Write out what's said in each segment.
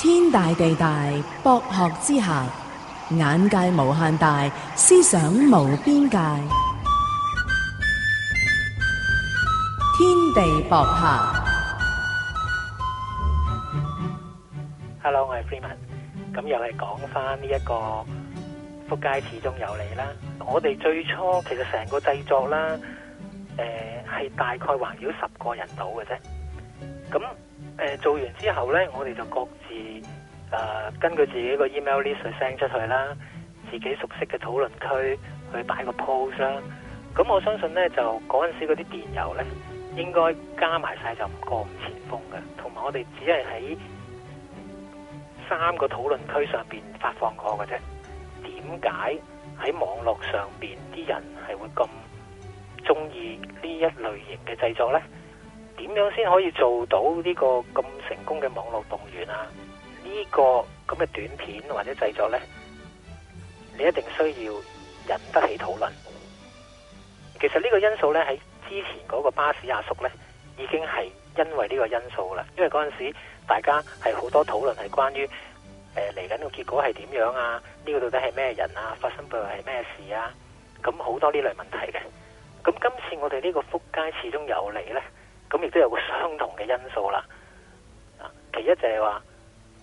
天大地大，博客之下，眼界無限大，思想無邊界。天地博客，Hello，我係 Freeman，咁又係講翻呢一個福佳始終有你啦。我哋最初其實成個製作啦，誒、呃、係大概環繞十個人到嘅啫，咁。呃、做完之後呢，我哋就各自、呃、根據自己個 email list 嚟 send 出去啦，自己熟悉嘅討論區去擺個 pose 啦。咁、嗯、我相信呢，就嗰陣時嗰啲電郵呢，應該加埋晒就唔過五千封嘅。同埋我哋只係喺三個討論區上邊發放過嘅啫。點解喺網絡上邊啲人係會咁中意呢一類型嘅製作呢？點樣先可以做到呢個咁成功嘅網絡動員啊？呢個咁嘅短片或者製作呢，你一定需要引得起討論。其實呢個因素呢，喺之前嗰個巴士阿叔呢，已經係因為呢個因素啦。因為嗰陣時大家係好多討論係關於嚟緊個結果係點樣啊？呢個到底係咩人啊？發生背後係咩事啊？咁好多呢類問題嘅。咁今次我哋呢個福佳始終有你呢。咁亦都有個相同嘅因素啦。其一就係話，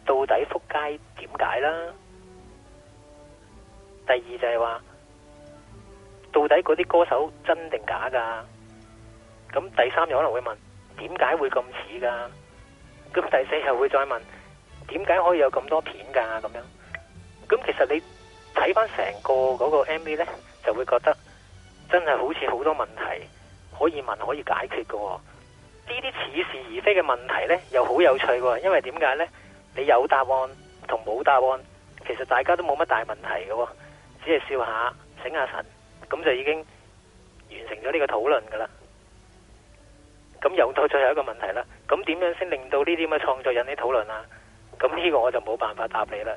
到底福佳點解啦？第二就係話，到底嗰啲歌手真定假噶？咁第三又可能會問，點解會咁似噶？咁第四又會再問，點解可以有咁多片噶？咁樣，咁其實你睇翻成個嗰個 MV 呢，就會覺得真係好似好多問題可以問可以解決噶喎。呢啲似是而非嘅問題呢，又好有趣喎。因為點解呢？你有答案同冇答案，其實大家都冇乜大問題嘅、哦，只係笑下、醒下神，咁就已經完成咗呢個討論噶啦。咁又到最後一個問題啦。咁點樣先令到這這呢啲咁嘅創作引起討論啊？咁呢個我就冇辦法答你啦。